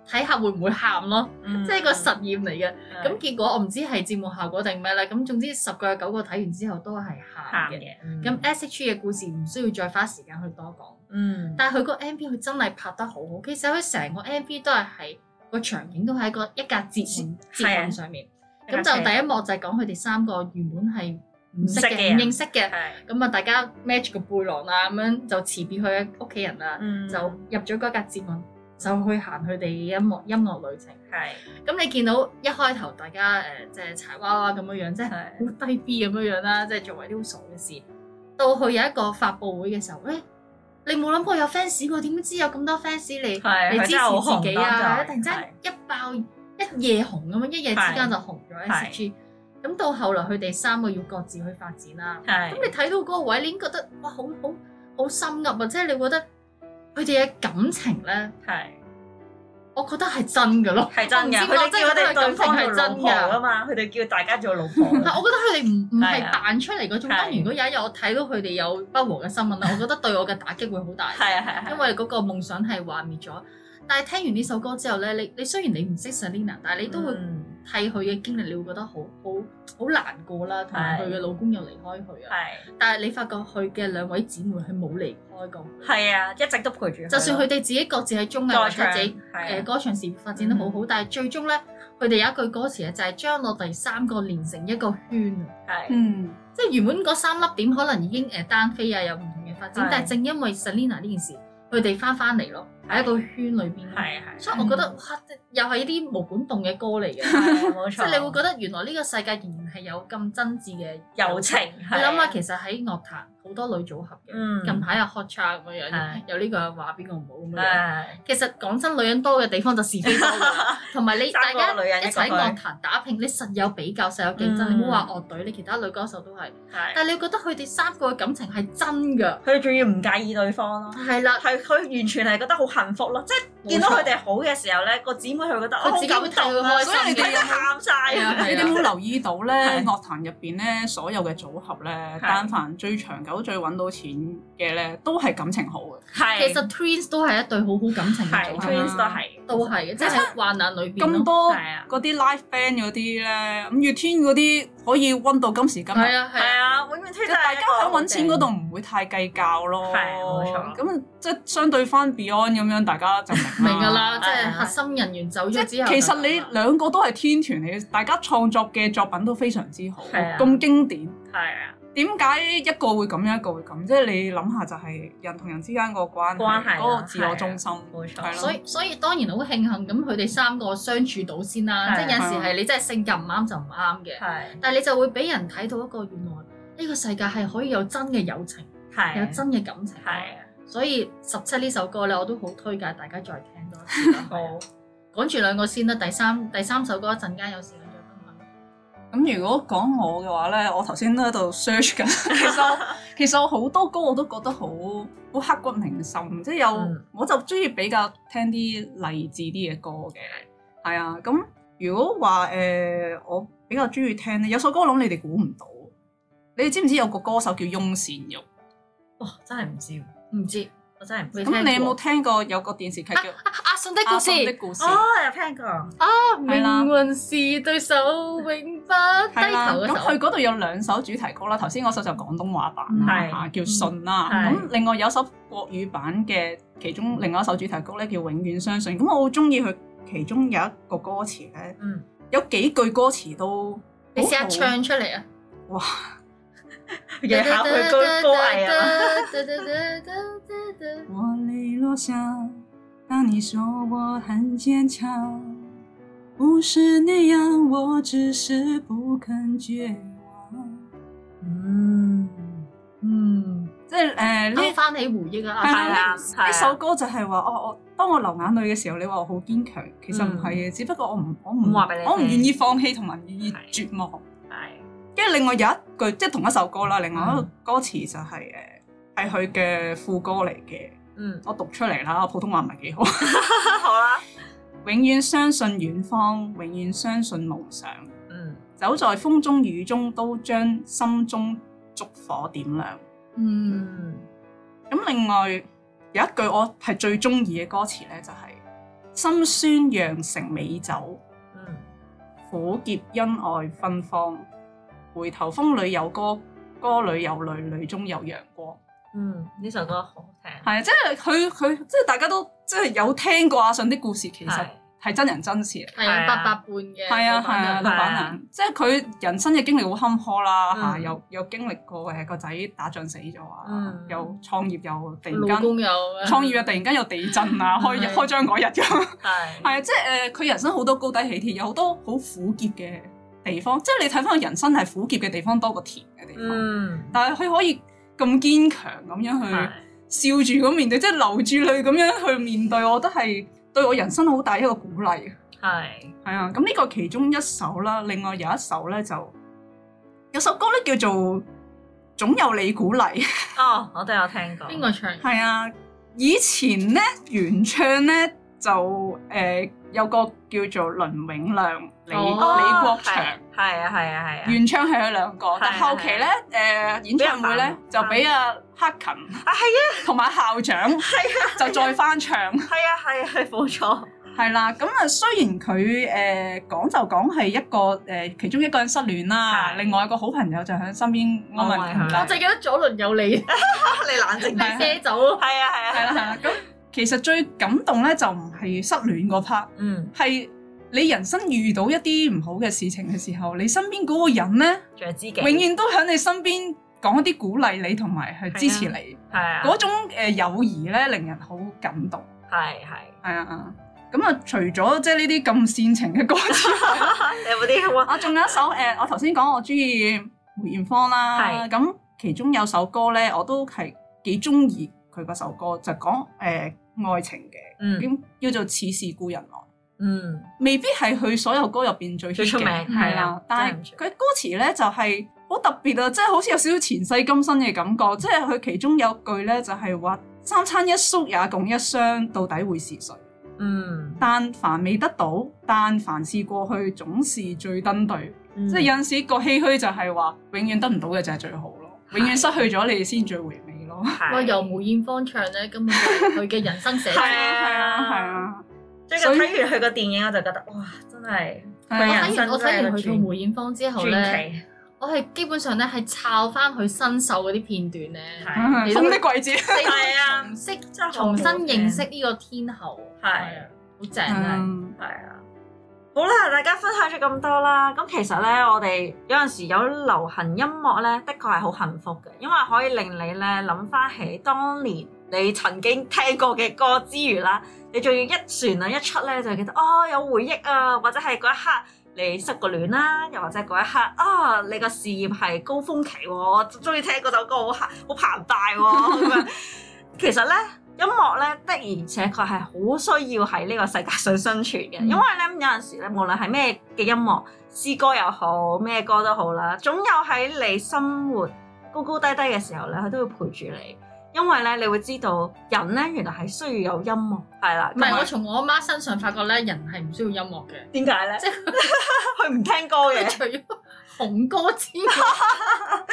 睇下會唔會喊咯，即係個實驗嚟嘅。咁結果我唔知係節目效果定咩啦。咁總之十個有九個睇完之後都係喊嘅。咁 S.H.E 嘅故事唔需要再花時間去多講。嗯，但係佢個 M V 佢真係拍得好好，其實佢成個 M V 都係喺個場景都喺個一格字幕、啊、上面，咁就第一幕就係講佢哋三個原本係唔識嘅唔認識嘅，咁啊是大家 match 個背囊啦、啊，咁樣就辭別佢屋企人啦、啊，嗯、就入咗嗰格字幕就去行佢哋音樂音樂旅程。係是，咁你見到一開頭大家誒即係柴娃娃咁樣樣，即係好低 B 咁樣樣啦，即、就、係、是、做埋啲好傻嘅事，到去有一個發布會嘅時候，誒。你冇諗過有 fans 喎、啊，點知有咁多 fans 你支持自己啊？啊，突然間一爆的一夜紅咁樣，一夜之間就紅咗一啲。咁的到後來佢哋三個要各自去發展啦、啊。咁的你睇到嗰個位，你已經覺得哇，好好好深入啊！即、就、係、是、你覺得佢哋嘅感情咧。我覺得係真噶咯，係真噶，佢哋叫我哋當房奴啊嘛，佢哋叫大家做老婆。係， 我覺得佢哋唔唔係扮出嚟嗰種。的當然，如果有一日我睇到佢哋有不和嘅新聞啦，的我覺得對我嘅打擊會好大。係啊係啊，因為嗰個夢想係幻滅咗。但係聽完呢首歌之後咧，你你雖然你唔識 Selina，但係你都會，嗯替佢嘅經歷，你會覺得好好好難過啦，同埋佢嘅老公又離開佢啊。的但係你發覺佢嘅兩位姊妹係冇離開過，係啊，一直都陪住。就算佢哋自己各自喺綜藝唱或者自己誒的歌唱事業發展得好好，嗯、但係最終咧，佢哋有一句歌詞啊，就係將我哋三個連成一個圈啊。的嗯，即係原本嗰三粒點可能已經誒單飛啊，有唔同嘅發展，的但係正因為 Selina 呢件事，佢哋翻返嚟咯。喺一個圈裏邊，係，係所以我覺得、嗯、哇，又係啲無管動嘅歌嚟嘅，冇錯，即係 錯你會覺得原來呢個世界仍然係有咁真摯嘅友情。友情你諗下，其實喺樂壇。好多女組合嘅，近排又 hot c 叉咁樣樣，又呢個話邊個唔好咁樣。其實講真，女人多嘅地方就是非多。同埋你大家女人一齊喺樂壇打拼，你實有比較，實有競爭。你唔好話樂隊，你其他女歌手都係。但係你覺得佢哋三個嘅感情係真嘅，佢仲要唔介意對方咯。係啦，係佢完全係覺得好幸福咯。即係見到佢哋好嘅時候咧，個姊妹佢覺得我好感動，所以你睇得喊晒。啊！你哋冇留意到咧，樂壇入邊咧所有嘅組合咧，單凡最長久，最揾到錢嘅咧，都係感情好嘅。係，其實 Twins 都係一對好好感情嘅組合啦。Twins 都係，都係，即係患難裏邊咁多嗰啲 live band 嗰啲咧，五月天嗰啲可以溫到今時今日。係啊，係啊，永遠推介。大家喺揾錢嗰度唔會太計較咯。係冇錯。咁即係相對翻 Beyond 咁樣，大家就明㗎啦。即係核心人員走咗之後，其實你兩個都係天團嚟嘅。大家創作嘅作品都非常之好，咁經典。係啊。點解一個會咁樣一個會咁？即係你諗下，就係人同人之間個關關係啦，個自我中心。冇錯，所以所以當然好慶幸咁，佢哋三個相處到先啦。即係有時係你真係性格唔啱就唔啱嘅。係。但係你就會俾人睇到一個原來呢個世界係可以有真嘅友情，有真嘅感情。係。所以十七呢首歌咧，我都好推介大家再聽多一次。好，講住兩個先啦，第三第三首歌一陣間有時。咁如果講我嘅話咧，我頭先都喺度 search 緊。其實其實我好多歌我都覺得好好刻骨銘心，即係有，我就中意比較聽啲勵志啲嘅歌嘅。係啊，咁如果話誒、呃，我比較中意聽咧，有首歌我諗你哋估唔到，你哋知唔知有個歌手叫翁倩玉？哇、哦，真係唔知，唔知，我真係唔知。咁你有冇聽過有個電視劇叫？啊啊啊《信的故事》啊，有、喔、聽過啊。命運是對手，永不低頭。咁佢嗰度有兩首主題曲啦。頭先嗰首就廣東話版啦是、啊，叫《信、嗯》啦。咁、啊、另外有首國語版嘅，其中另外一首主題曲咧叫《永遠相信》。咁我好中意佢其中有一個歌詞咧，嗯、有幾句歌詞都、啊、你試下唱出嚟啊！哇！考吓佢歌藝啊！我淚落下。 當你說我很堅強，不是那樣，我只是不肯絕望嗯。嗯嗯，即係誒，翻起回憶啊，係啊，呢首歌就係話、哦，我我當我流眼淚嘅時候，你話我好堅強，其實唔係嘅，嗯、只不過我唔我唔話俾你，我唔願意放棄同埋唔願意絕望。係，跟住另外有一句，即係同一首歌啦，另外一個歌詞就係、是、誒，係佢嘅副歌嚟嘅。嗯，我讀出嚟啦，我普通話唔係幾好。 好啦，永遠相信遠方，永遠相信夢想。嗯，走在風中雨中，都將心中燭火點亮。嗯，咁另外有一句我係最中意嘅歌詞呢，就係、是、心酸釀成美酒。嗯，苦澀恩愛芬芳，回頭風裏有歌，歌裏有淚，淚中有陽光。嗯，呢首歌好。係啊，即係佢佢即係大家都即係有聽過阿信啲故事，其實係真人真事，係八百伴嘅，係啊係啊，老闆娘，即係佢人生嘅經歷好坎坷啦，吓又又經歷過誒個仔打仗死咗啊，又創業又突然間創業又突然間有地震啊，開開張嗰日咁，係係啊，即係誒佢人生好多高低起跌，有好多好苦澀嘅地方，即係你睇翻佢人生係苦澀嘅地方多過甜嘅地方，嗯，但係佢可以咁堅強咁樣去。笑住咁面對，即係流住淚咁樣去面對，我都係對我人生好大一個鼓勵。係是，係啊，咁呢個其中一首啦，另外有一首咧就有首歌咧叫做《總有你鼓勵》。哦，我都有聽過。邊個唱？係啊，以前咧原唱咧就誒。呃有個叫做倫永亮、李李國祥，係啊係啊係啊，原唱係佢兩個，但後期咧誒演唱會咧就俾阿克勤啊係啊，同埋校長係啊，就再翻唱係啊係係冇錯，係啦咁啊，雖然佢誒講就講係一個誒其中一個人失戀啦，另外一個好朋友就喺身邊安慰佢，我凈記得左麟右李，你冷靜啲、李 Sir，係啊係啊，係啦咁。其實最感動咧，就唔係失戀嗰 part，係你人生遇到一啲唔好嘅事情嘅時候，你身邊嗰個人咧，永遠都喺你身邊講一啲鼓勵你同埋去支持你，嗰種誒友誼咧，令人好感動。係係係啊！咁啊，除咗即係呢啲咁煽情嘅歌詞，有冇啲啊？我仲有一首誒，我頭先講我中意梅艷芳啦，咁其中有首歌咧，我都係幾中意。佢嗰首歌就講誒、呃、愛情嘅，嗯、叫做《似是故人來》。嗯，未必係佢所有歌入邊最最出名係啦。但係佢歌詞咧就係、是、好特別啊，即、就、係、是、好似有少少前世今生嘅感覺。即係佢其中有一句咧就係、是、話：三餐一宿也共一雙,到底會是誰？嗯，但凡未得到，但凡是過去，總是最登對。嗯、即係有陣時個唏噓就係話，永遠得唔到嘅就係最好咯，永遠失去咗你先最回味。 我由梅艷芳唱咧，根本就佢嘅人生寫咧，係啊係啊，即係睇完佢個電影，我就覺得哇，真係我睇完我睇完佢套梅艷芳之後咧，我係基本上咧係抄翻佢新秀嗰啲片段咧，係，重啲軌跡係啊，重識重新認識呢個天后，係，好正啊，係啊。好啦，大家分享咗咁多啦，咁其實咧，我哋有陣時有流行音樂咧，的確係好幸福嘅，因為可以令你咧諗翻起當年你曾經聽過嘅歌之餘啦，你仲要一旋律一出咧，就記得哦有回憶啊，或者係嗰一刻你失過戀啦，又或者嗰一刻啊、哦，你個事業係高峰期，我中意聽嗰首歌好好龐大喎。咁樣， 其實咧。音樂咧的而且確係好需要喺呢個世界上生存嘅。嗯、因為咧有陣時咧無論係咩嘅音樂，詩歌又好咩歌都好啦，總有喺你生活高高低低嘅時候咧，佢都會陪住你。因為咧，你會知道人咧原來係需要有音樂，係啦。唔係我從我阿媽身上發覺咧，人係唔需要音樂嘅。點解咧？即係佢唔聽歌嘅，除咗紅歌之外。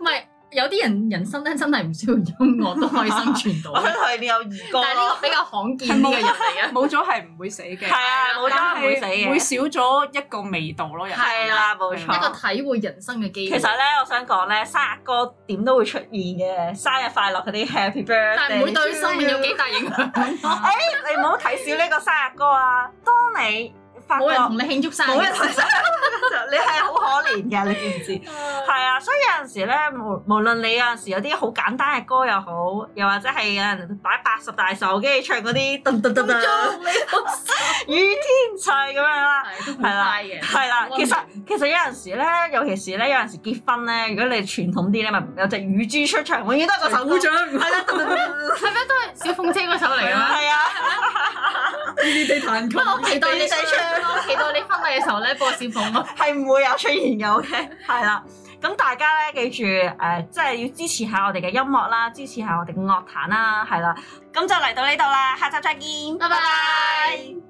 唔係。 有啲人人生咧真係唔需要音樂都可以生存到，我覺得係你有耳歌，但係呢個比較罕見嘅人嚟嘅，冇咗係唔會死嘅，係啊啦，冇咗唔會死嘅，會少咗一個味道咯，人生係啦，冇錯，一個體會人生嘅機會。其實咧，我想講咧，生日歌點都會出現嘅，生日快樂嗰啲 Happy Birthday，但係唔會對生命有幾大影響。誒、 欸，你唔好睇少呢個生日歌啊，當你。冇人同你慶祝生日，冇人你係好可憐嘅，你知唔知？係啊，所以有陣時咧，無無論你有陣時有啲好簡單嘅歌又好，又或者係有人擺八十大壽，跟住唱嗰啲噔噔噔噔，雨天細咁樣啦，係啦，係啦，其實其實有陣時咧，尤其是咧有陣時結婚咧，如果你傳統啲咧，咪有隻雨珠出場，永遠都係個手掌，唔係啦，係咩都係小鳳姐嗰首嚟嘛。係啊，邊邊地彈琴，我期待你哋唱。期待你婚禮嘅時候咧，播小鳳係唔會有出現有嘅，係啦。咁大家咧，記住，誒、呃，即係要支持下我哋嘅音樂啦，支持下我哋嘅樂壇啦，係啦。咁、嗯、就嚟到呢度啦，下集再見，拜拜 bye。Bye bye。